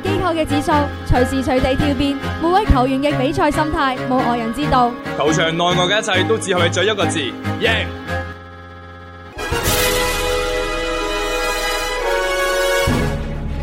機構嘅指數隨時隨地跳變，每位球員嘅比賽心態冇外人知道。球場內外嘅一切都只係在一個字：贏。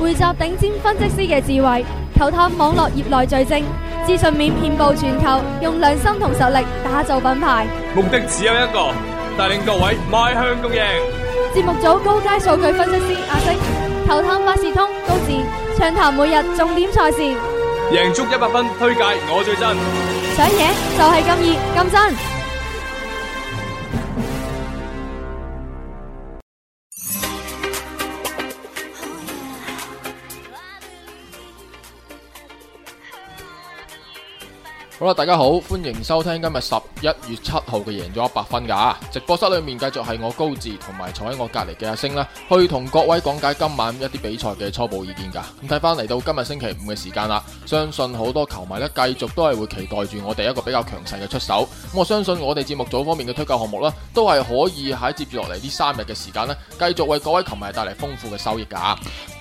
匯集頂尖分析師嘅智慧，球探網絡業內最精，資訊面遍布全球，用良心同實力打造品牌。目的只有一個，帶領各位邁向共贏。節目組高階數據分析師阿星。球探百事通，高智暢談每日重點賽事。贏足一百分，推介我最真。想贏就係咁易咁真。好啦，大家好，歡迎收聽今日十一月七號嘅贏足 100FUN 噶、啊，直播室裏面繼續係我高志同埋坐喺我隔籬嘅阿星啦，去同各位講解今晚一啲比賽嘅初步意見噶。咁睇翻嚟到今日星期五嘅時間啦，相信好多球迷咧，繼續都係會期待住我哋一個比較強勢嘅出手。咁我相信我哋節目組方面嘅推介項目啦，都係可以喺接住落嚟呢三日嘅時間呢，繼續為各位球迷帶嚟豐富嘅收益噶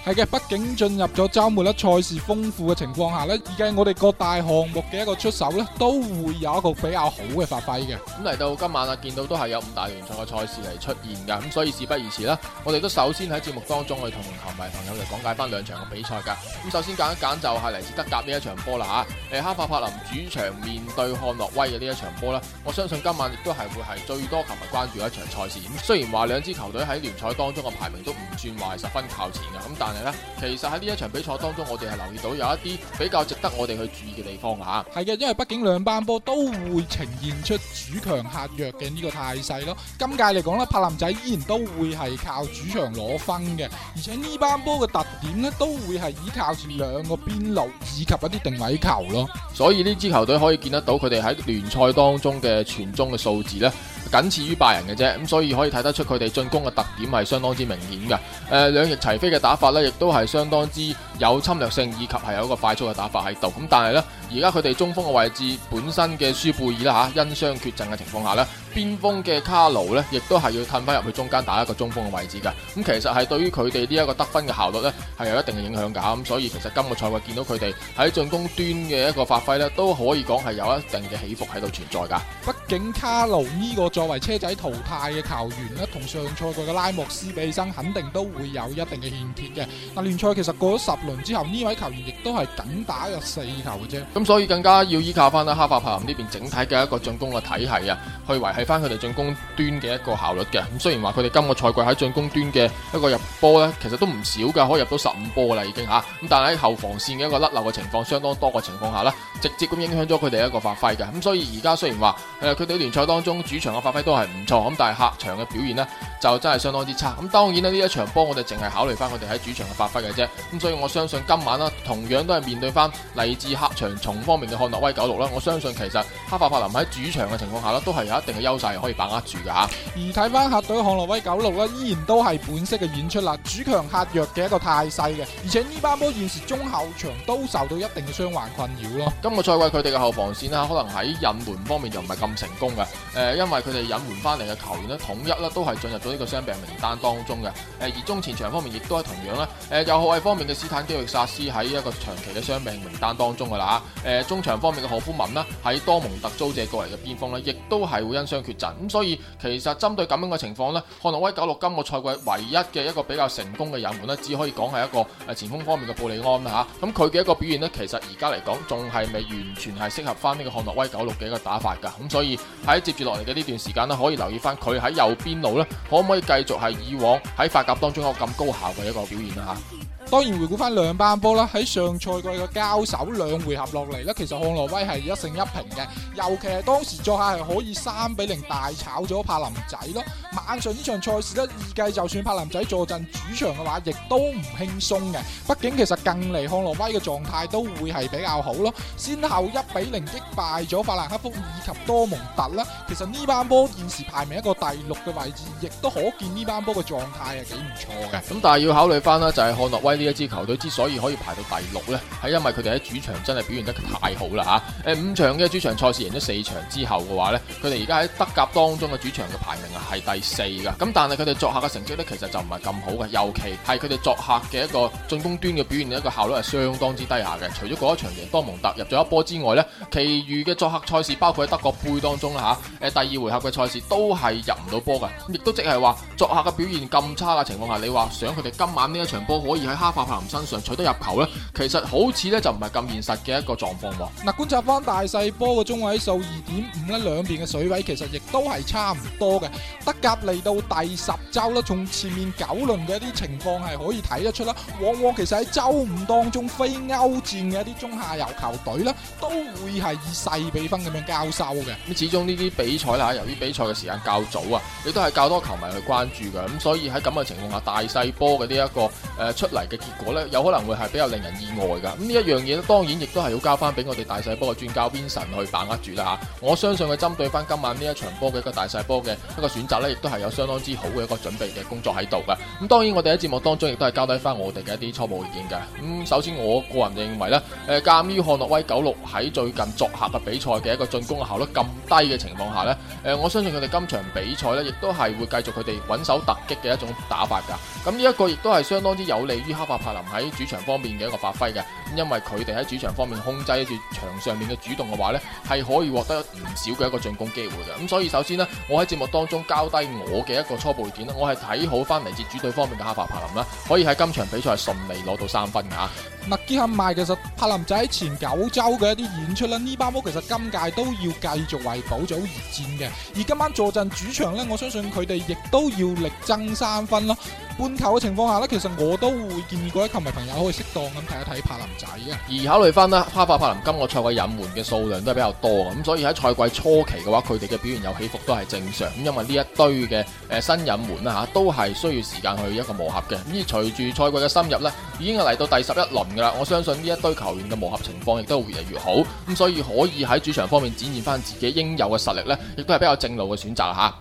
係嘅，畢竟進入咗周末咧，賽事豐富嘅情況下咧，而家我哋各大項目嘅一個出手呢，都會有一個比較好嘅發揮嘅。咁嚟、嗯、到今晚啊，見到都係有五大聯賽嘅賽事嚟出現噶，咁所以事不宜遲啦，我哋都首先喺節目當中去同球迷朋友嚟講解翻兩場嘅比賽噶。咁、嗯、首先揀一揀就係嚟自德甲呢一場波啦吓，誒、啊，哈法柏林主場面對漢諾威嘅呢一場波啦，我相信今晚亦都係會係最多球迷關注嘅一場賽事、嗯。雖然話兩支球隊喺聯賽當中嘅排名都唔算話十分靠前嘅，咁、嗯、但是其實喺呢一場比賽當中，我哋係留意到有一啲比較值得我哋去注意嘅地方啊！係嘅，因為畢竟兩班波都會呈現出主強客弱嘅呢個態勢咯。今屆嚟講呢，柏林仔依然都會係靠主場攞分嘅，而且呢班波嘅特點呢，都會係依靠住兩個邊路以及一啲定位球咯。所以呢支球隊可以見得到佢哋喺聯賽當中嘅傳中嘅數字呢。僅次於拜仁嘅啫，咁所以可以睇得出佢哋進攻嘅特點係相當之明顯嘅。誒、呃、兩翼齊飛嘅打法咧，亦都係相當之有侵略性，以及係有一個快速嘅打法喺度。咁但係咧。而家佢哋中鋒嘅位置本身嘅舒布爾啦吓、啊，因傷缺陣嘅情況下邊的呢邊鋒嘅卡奴呢亦都係要褪翻入去中間打一個中鋒嘅位置嘅。咁、嗯、其實係對於佢哋呢一個得分嘅效率呢係有一定嘅影響噶。咁、嗯、所以其實今個賽季見到佢哋喺進攻端嘅一個發揮呢，都可以講係有一定嘅起伏喺度存在噶。畢竟卡奴呢個作為車仔淘汰嘅球員呢，同上賽季嘅拉莫斯比生肯定都會有一定嘅欠缺嘅。嗱，聯賽其實過咗十輪之後，呢位球員亦都係僅打咗四球嘅啫。咁所以更加要依靠翻啦，哈法柏林呢邊整體嘅一個進攻嘅體系啊，去維繫翻佢哋進攻端嘅一個效率嘅。咁雖然話佢哋今個賽季喺進攻端嘅一個入波咧，其實都唔少噶，可以入到十五波噶啦已經吓。咁但係喺後防線嘅一個甩漏嘅情況相當多嘅情況下咧，直接咁影響咗佢哋一個發揮嘅。咁所以而家雖然話誒佢哋聯賽當中主場嘅發揮都係唔錯，咁但係客場嘅表現咧就真係相當之差。咁當然啦，呢一場波我哋淨係考慮翻佢哋喺主場嘅發揮嘅啫。咁所以我相信今晚啦、啊，同樣都係面對翻嚟自客場。同方面嘅漢諾威九六啦，我相信其實哈法法林喺主場嘅情況下咧，都係有一定嘅優勢可以把握住嘅嚇。而睇翻客隊漢諾威九六咧，依然都係本色嘅演出啦，主強客弱嘅一個態勢嘅，而且呢班波現時中後場都受到一定嘅傷患困擾咯。今個賽季佢哋嘅後防線啦，可能喺引援方面就唔係咁成功嘅。誒，因為佢哋引援翻嚟嘅球員咧，統一咧都係進入咗呢個傷病名單當中嘅。誒，而中前場方面亦都係同樣咧。誒，右後衞方面嘅斯坦基洛薩斯喺一個長期嘅傷病名單當中㗎啦。誒，中場方面嘅何夫文啦，喺多蒙特租借過嚟嘅邊鋒呢，亦都係會因傷缺陣。咁所以其實針對咁樣嘅情況呢，漢諾威九六今個賽季唯一嘅一個比較成功嘅引援呢，只可以講係一個誒前鋒方面嘅布利安啦嚇。咁佢嘅一個表現呢，其實而家嚟講仲係未完全係適合翻呢個漢諾威九六嘅一個打法㗎。咁所以喺接住落嚟嘅呢段時間咧，可以留意翻佢喺右邊路呢，可唔可以繼續係以往喺法甲當中有咁高效嘅一個表現啦？嚇，當然回顧翻兩班波啦，喺上賽季嘅交手兩回合落嚟呢，其實漢諾威係一勝一平嘅，尤其係當時作客係可以三比零大炒咗柏林仔咯。晚上呢場賽事呢，預計就算柏林仔坐鎮主場嘅話，亦都唔輕鬆嘅。畢竟其實近嚟漢諾威嘅狀態都會係比較好咯，先後一比零擊敗咗法蘭克福以及多蒙特啦。其實呢班波現時排名一個第六嘅位置，亦都可見呢班波嘅狀態係幾唔錯嘅。咁但係要考慮翻啦，就係漢諾威呢一支球隊之所以可以排到第六呢，係因為佢哋喺主場真係表現得太好啦嚇。誒五場嘅主場賽事贏咗四場之後嘅話呢，佢哋而家喺德甲當中嘅主場嘅排名啊係第四㗎。咁但係佢哋作客嘅成績呢，其實就唔係咁好嘅，尤其係佢哋作客嘅一個進攻端嘅表現一個效率係相當之低下嘅。除咗嗰一場贏多蒙特入咗一波之外呢，其餘嘅作客賽事包括喺德國杯當中啦嚇第二回合嘅賽事都係入唔到波噶，亦都即係話作客嘅表現咁差嘅情況下，你話想佢哋今晚呢一場波可以喺哈法柏林身上取得入球呢？其實好似呢就唔係咁現實嘅一個狀況。嗱，觀察翻大細波嘅中位數二點五咧，兩邊嘅水位其實亦都係差唔多嘅。德甲嚟到第十周啦，從前面九輪嘅一啲情況係可以睇得出啦，往往其實喺周五當中非歐戰嘅一啲中下游球隊呢，都會係以細比分咁樣交收嘅。咁始終呢啲比比賽啦，由於比賽嘅時間較早啊，亦都係較多球迷去關注嘅，咁所以喺咁嘅情況下，大細波嘅呢一個誒、呃、出嚟嘅結果呢，有可能會係比較令人意外噶。咁呢一樣嘢咧，當然亦都係要交翻俾我哋大細波嘅專家 Vincent 去把握住啦吓、啊。我相信佢針對翻今晚呢一場波嘅一個大細波嘅一個選擇呢，亦都係有相當之好嘅一個準備嘅工作喺度噶。咁、嗯、當然我哋喺節目當中亦都係交低翻我哋嘅一啲初步意見噶。咁、嗯、首先我個人認為呢誒鑒於漢諾威九六喺最近作客嘅比賽嘅一個進攻效率咁低嘅情況下，咧，誒，咧，我相信佢哋今場比賽呢，亦都係會繼續佢哋穩守突擊嘅一種打法㗎。咁呢一個亦都係相當之有利於哈法柏林喺主場方面嘅一個發揮嘅，因為佢哋喺主場方面控制住場上面嘅主動嘅話呢，係可以獲得唔少嘅一個進攻機會嘅。咁所以首先呢，我喺節目當中交低我嘅一個初步意見啦，我係睇好翻嚟自主隊方面嘅哈法柏林啦，可以喺今場比賽係順利攞到三分㗎。麥基肯賣其實柏林仔喺前九周嘅一啲演出啦，呢班屋其實今屆都要繼續為補組。戰嘅，而今晚坐鎮主場呢，我相信佢哋亦都要力爭三分咯。半球嘅情況下咧，其實我都會建議各位球迷朋友可以適當咁睇一睇柏林仔嘅。而考慮翻呢哈化柏林今個賽季引援嘅數量都係比較多咁，所以喺賽季初期嘅話，佢哋嘅表現有起伏都係正常。咁因為呢一堆嘅誒新引援咧嚇，都係需要時間去一個磨合嘅。咁而隨住賽季嘅深入呢，已經係嚟到第十一輪噶啦。我相信呢一堆球員嘅磨合情況亦都越嚟越好。咁所以可以喺主場方面展現翻自己應有嘅實力呢，亦都係比較正路嘅選擇嚇。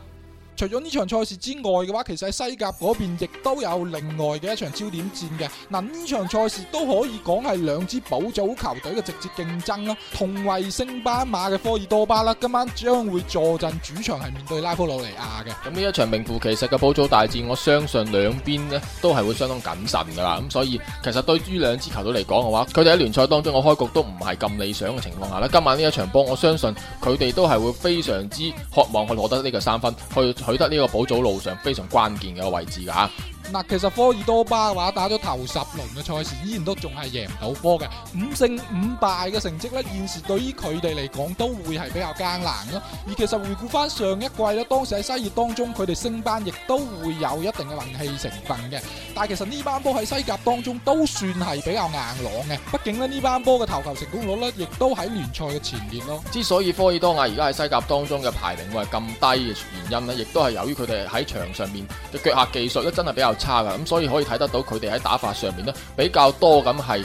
除咗呢場賽事之外嘅話，其實喺西甲嗰邊亦都有另外嘅一場焦點戰嘅。嗱，呢場賽事都可以講係兩支保組球隊嘅直接競爭咯。同為升班馬嘅科爾多巴啦，今晚將會坐鎮主場，係面對拉科魯尼亞嘅。咁呢一場名副其實嘅保組大戰，我相信兩邊呢都係會相當謹慎噶啦。咁所以其實對於兩支球隊嚟講嘅話，佢哋喺聯賽當中嘅開局都唔係咁理想嘅情況下咧，今晚呢一場波，我相信佢哋都係會非常之渴望去攞得呢個三分去。取得呢個保祖路上非常關鍵嘅位置嘅嗱、啊、其實科爾多巴嘅話，打咗頭十輪嘅賽事，依然都仲係贏唔到波嘅，五勝五敗嘅成績呢，現時對於佢哋嚟講都會係比較艱難咯。而其實回顧翻上一季咧，當時喺西乙當中佢哋升班亦都會有一定嘅運氣成分嘅。但係其實呢班波喺西甲當中都算係比較硬朗嘅，畢竟咧呢班波嘅投球成功率呢，亦都喺聯賽嘅前面咯。之所以科爾多巴而家喺西甲當中嘅排名會係咁低嘅原因呢，亦都係由於佢哋喺場上面嘅腳下技術咧，真係比較差噶，咁所以可以睇得到佢哋喺打法上面咧比較多咁係。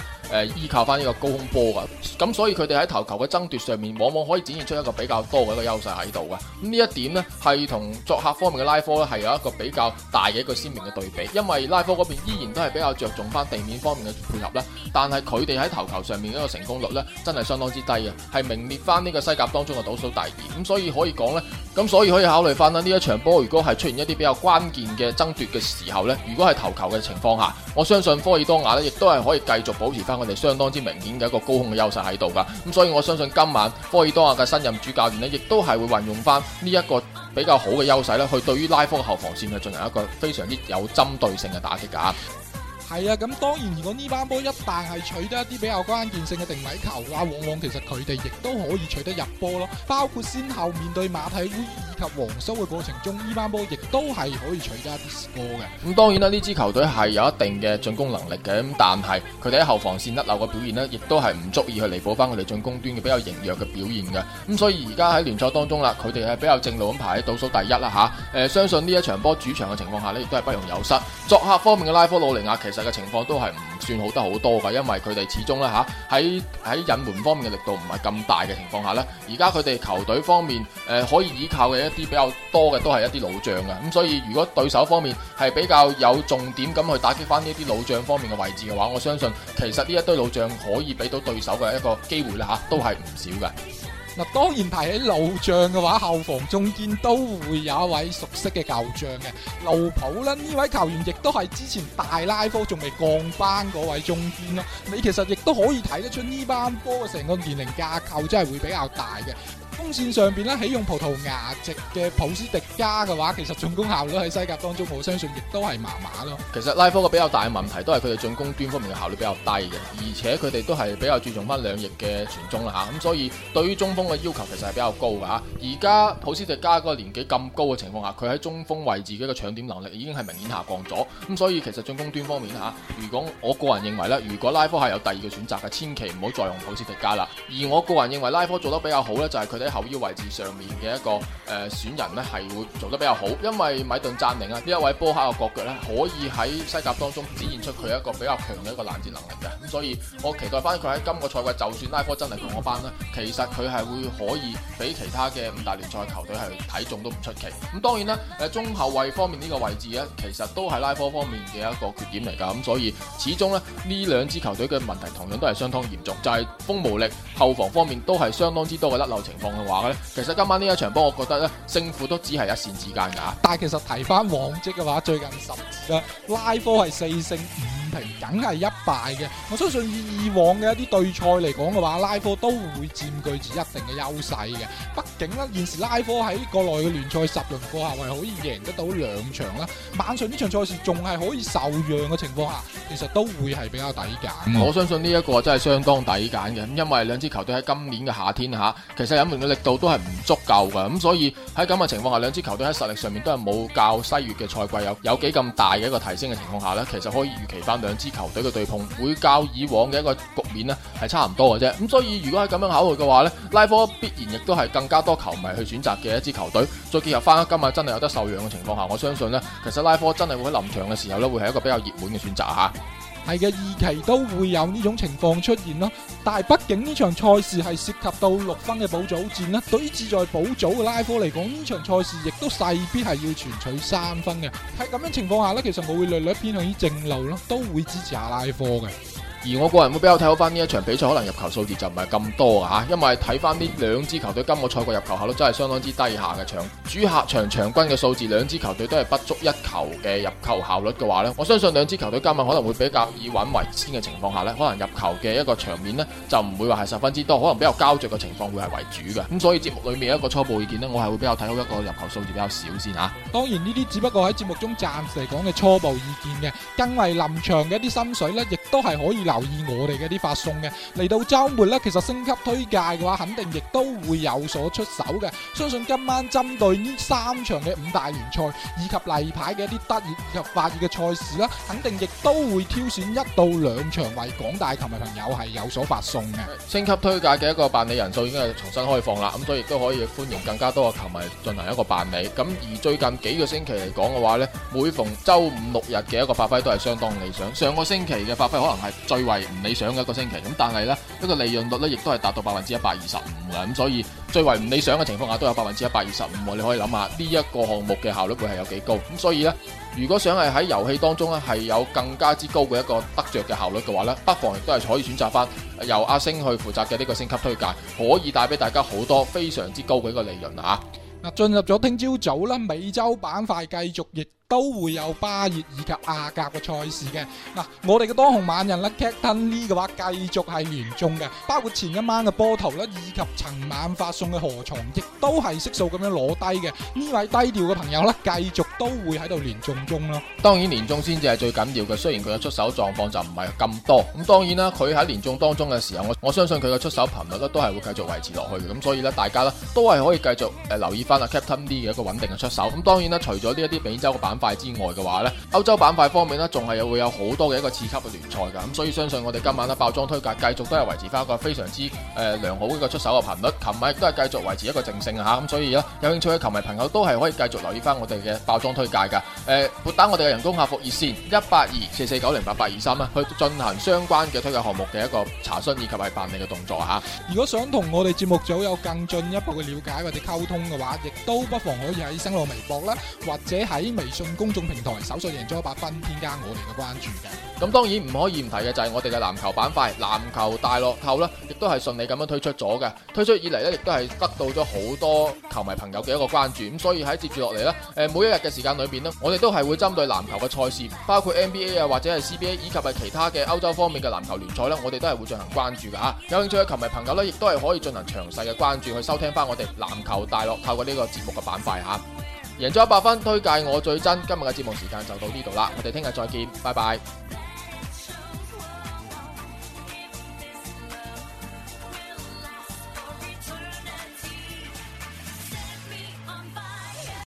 依靠翻呢個高空波噶，咁所以佢哋喺頭球嘅爭奪上面，往往可以展現出一個比較多嘅一個優勢喺度㗎。咁呢一點呢，係同作客方面嘅拉科呢係有一個比較大嘅一個鮮明嘅對比。因為拉科嗰邊依然都係比較着重翻地面方面嘅配合啦，但係佢哋喺頭球上面一個成功率呢真係相當之低嘅，係名列翻呢個西甲當中嘅倒數第二。咁所以可以講呢，咁所以可以考慮翻呢一場波如果係出現一啲比較關鍵嘅爭奪嘅時候呢，如果係頭球嘅情況下，我相信科爾多瓦呢亦都係可以繼續保持翻。我哋相當之明顯嘅一個高空嘅優勢喺度噶，咁所以我相信今晚科爾多亞嘅新任主教練呢，亦都係會運用翻呢一個比較好嘅優勢咧，去對於拉科嘅後防線去進行一個非常之有針對性嘅打擊噶。係啊，咁當然如果呢班波一旦係取得一啲比較關鍵性嘅定位球嘅話，往往其實佢哋亦都可以取得入波咯，包括先後面對馬體及黃蘇嘅過程中，呢班波亦都係可以取得一啲嘅。咁當然啦，呢支球隊係有一定嘅進攻能力嘅，咁但係佢哋喺後防線甩漏嘅表現呢，亦都係唔足以去彌補翻佢哋進攻端嘅比較羸弱嘅表現嘅。咁所以而家喺聯賽當中啦，佢哋係比較正路咁排喺倒數第一啦吓。誒、啊呃，相信呢一場波主場嘅情況下呢，亦都係不容有失。作客方面嘅拉科魯尼亞，其實嘅情況都係唔算好得好多噶，因為佢哋始終咧吓喺喺引援方面嘅力度唔係咁大嘅情況下咧，而家佢哋球隊方面誒、呃、可以依靠嘅一啲比較多嘅都係一啲老將噶，咁、嗯、所以如果對手方面係比較有重點咁去打擊翻呢啲老將方面嘅位置嘅話，我相信其實呢一堆老將可以俾到對手嘅一個機會啦吓、啊，都係唔少嘅。當然排喺老將嘅話，後防中堅都會有一位熟悉嘅舊將嘅，路普啦，呢位球員亦都係之前大拉科仲未降班嗰位中堅咯，你其實亦都可以睇得出呢班波嘅成個年齡架構真係會比較大嘅。中線上邊咧，啟用葡萄牙籍嘅普斯迪加嘅話，其實進攻效率喺西甲當中，我相信亦都係麻麻咯。其實拉科嘅比較大嘅問題，都係佢哋進攻端方面嘅效率比較低嘅，而且佢哋都係比較注重翻兩翼嘅傳中啦吓，咁、啊、所以對於中鋒嘅要求其實係比較高嘅吓。而家、啊、普斯迪加嗰個年紀咁高嘅情況下，佢喺中鋒位置嘅一個搶點能力已經係明顯下降咗，咁、啊、所以其實進攻端方面吓、啊，如果我個人認為咧，如果拉科係有第二個選擇嘅，千祈唔好再用普斯迪加啦。而我個人認為拉科做得比較好呢，就係佢哋喺後腰位置上面嘅一個誒、呃、選人呢，係會做得比較好，因為米頓扎寧啊呢一位波克嘅國腳呢，可以喺西甲當中展現出佢一個比較強嘅一個攔截能力嘅，咁所以我期待翻佢喺今個賽季，就算拉科真係降班呢，其實佢係會可以畀其他嘅五大聯賽球隊係睇中都唔出奇。咁當然啦，誒中後衞方面呢個位置呢，其實都係拉科方面嘅一個缺點嚟㗎，咁所以始終咧呢呢兩支球隊嘅問題同樣都係相當嚴重，就係、係、鋒無力。後防方面都係相當之多嘅甩漏情況嘅話咧，其實今晚呢一場波，我覺得咧勝負都只係一線之間噶。但係其實提翻往績嘅話，最近十場拉科係四勝。平梗係一敗嘅，我相信以以往嘅一啲對賽嚟講嘅話，拉科都會佔據住一定嘅優勢嘅。畢竟呢，現時拉科喺國內嘅聯賽十輪過後係可以贏得到兩場啦。晚上呢場賽事仲係可以受讓嘅情況下，其實都會係比較抵揀。我相信呢一個真係相當抵揀嘅，因為兩支球隊喺今年嘅夏天吓，其實引進嘅力度都係唔足夠嘅。咁所以喺咁嘅情況下，兩支球隊喺實力上面都係冇較西越嘅賽季有有幾咁大嘅一個提升嘅情況下呢，其實可以預期翻。兩支球隊嘅對碰會較以往嘅一個局面呢係差唔多嘅啫，咁所以如果係咁樣考慮嘅話呢，拉科必然亦都係更加多球迷去選擇嘅一支球隊，再結合翻今日真係有得受讓嘅情況下，我相信呢，其實拉科真係會喺臨場嘅時候呢，會係一個比較熱門嘅選擇吓。係嘅，二期都會有呢種情況出現咯。但係畢竟呢場賽事係涉及到六分嘅保組戰啦，對於志在保組嘅拉科嚟講，呢場賽事亦都勢必係要全取三分嘅。喺咁樣的情況下呢其實我會略略偏向於正路咯，都會支持下拉科嘅。而我個人會比較睇好翻呢一場比賽，可能入球數字就唔係咁多㗎。因為睇翻呢兩支球隊今個賽季入球效率真係相當之低下嘅場。主客場場均嘅數字，兩支球隊都係不足一球嘅入球效率嘅話呢，我相信兩支球隊今日可能會比較以穩為先嘅情況下呢，可能入球嘅一個場面呢就唔會話係十分之多，可能比較膠着嘅情況會係為主嘅。咁所以節目裏面一個初步意見呢，我係會比較睇好一個入球數字比較少先嚇。當然呢啲只不過喺節目中暫時嚟講嘅初步意見嘅，更為臨場嘅一啲心水呢，亦都係可以，留意我哋嘅啲發送嘅，嚟到週末咧，其實升級推介嘅話，肯定亦都會有所出手嘅。相信今晚針對呢三場嘅五大聯賽以及例牌嘅一啲得意以及發熱嘅賽事啦，肯定亦都會挑選一到兩場為廣大球迷朋友係有所發送嘅。升級推介嘅一個辦理人數已經係重新開放啦，咁所以亦都可以歡迎更加多嘅球迷進行一個辦理。咁而最近幾個星期嚟講嘅話咧，每逢週五六日嘅一個發揮都係相當理想。上個星期嘅發揮可能係最最為唔理想嘅一個星期，咁但係呢一個利潤率呢亦都係達到百分之一百二十五啦，咁所以最為唔理想嘅情況下都有百分之一百二十五，你可以諗下呢一個項目嘅效率會係有幾高，咁所以呢，如果想係喺遊戲當中呢係有更加之高嘅一個得着嘅效率嘅話呢，不妨亦都係採選擇翻由阿星去負責嘅呢個星級推介，可以帶俾大家好多非常之高嘅一個利潤啊！嗱，進入咗聽朝早啦，美洲板塊繼續熱。都會有巴熱以及亞甲嘅賽事嘅嗱、啊，我哋嘅當紅猛人咧 Captain Lee 嘅話，繼續係連中嘅，包括前一晚嘅波頭咧，以及尋晚發送嘅河床，亦都係悉數咁樣攞低嘅。呢位低調嘅朋友呢，繼續都會喺度連中中咯。當然連中先至係最緊要嘅，雖然佢嘅出手狀況就唔係咁多。咁當然啦，佢喺連中當中嘅時候，我我相信佢嘅出手頻率咧都係會繼續維持落去嘅。咁所以呢，大家咧都係可以繼續誒留意翻啊 Captain Lee 嘅一個穩定嘅出手。咁當然啦，除咗呢一啲美洲嘅版之外嘅話咧，歐洲板塊方面咧，仲係會有好多嘅一個次級嘅聯賽噶，咁所以相信我哋今晚咧爆莊推介繼續都係維持翻一個非常之誒良好嘅出手嘅頻率，琴日亦都係繼續維持一個正勝吓，咁所以咧有興趣嘅球迷朋友都係可以繼續留意翻我哋嘅爆莊推介噶，誒撥打我哋嘅人工客服熱線一八二四四九零八八二三啊，去進行相關嘅推介項目嘅一個查詢以及係辦理嘅動作吓。如果想同我哋節目組有更進一步嘅了解或者溝通嘅話，亦都不妨可以喺新浪微博啦，或者喺微信公眾平台搜索贏足 100FUN，添加我哋嘅關注嘅。咁當然唔可以唔提嘅就係我哋嘅籃球板塊，籃球大樂透啦，亦都係順利咁樣推出咗嘅。推出以嚟呢，亦都係得到咗好多球迷朋友嘅一個關注。咁所以喺接住落嚟呢，誒，每一日嘅時間裡邊呢，我哋都係會針對籃球嘅賽事，包括 NBA 啊，或者係 CBA 以及係其他嘅歐洲方面嘅籃球聯賽呢，我哋都係會進行關注噶吓。有興趣嘅球迷朋友呢，亦都係可以進行詳細嘅關注，去收聽翻我哋籃球大樂透嘅呢個節目嘅板塊吓。贏足 100FUN，推介我最真。今日嘅節目時間就到呢度啦，我哋聽日再見，拜拜。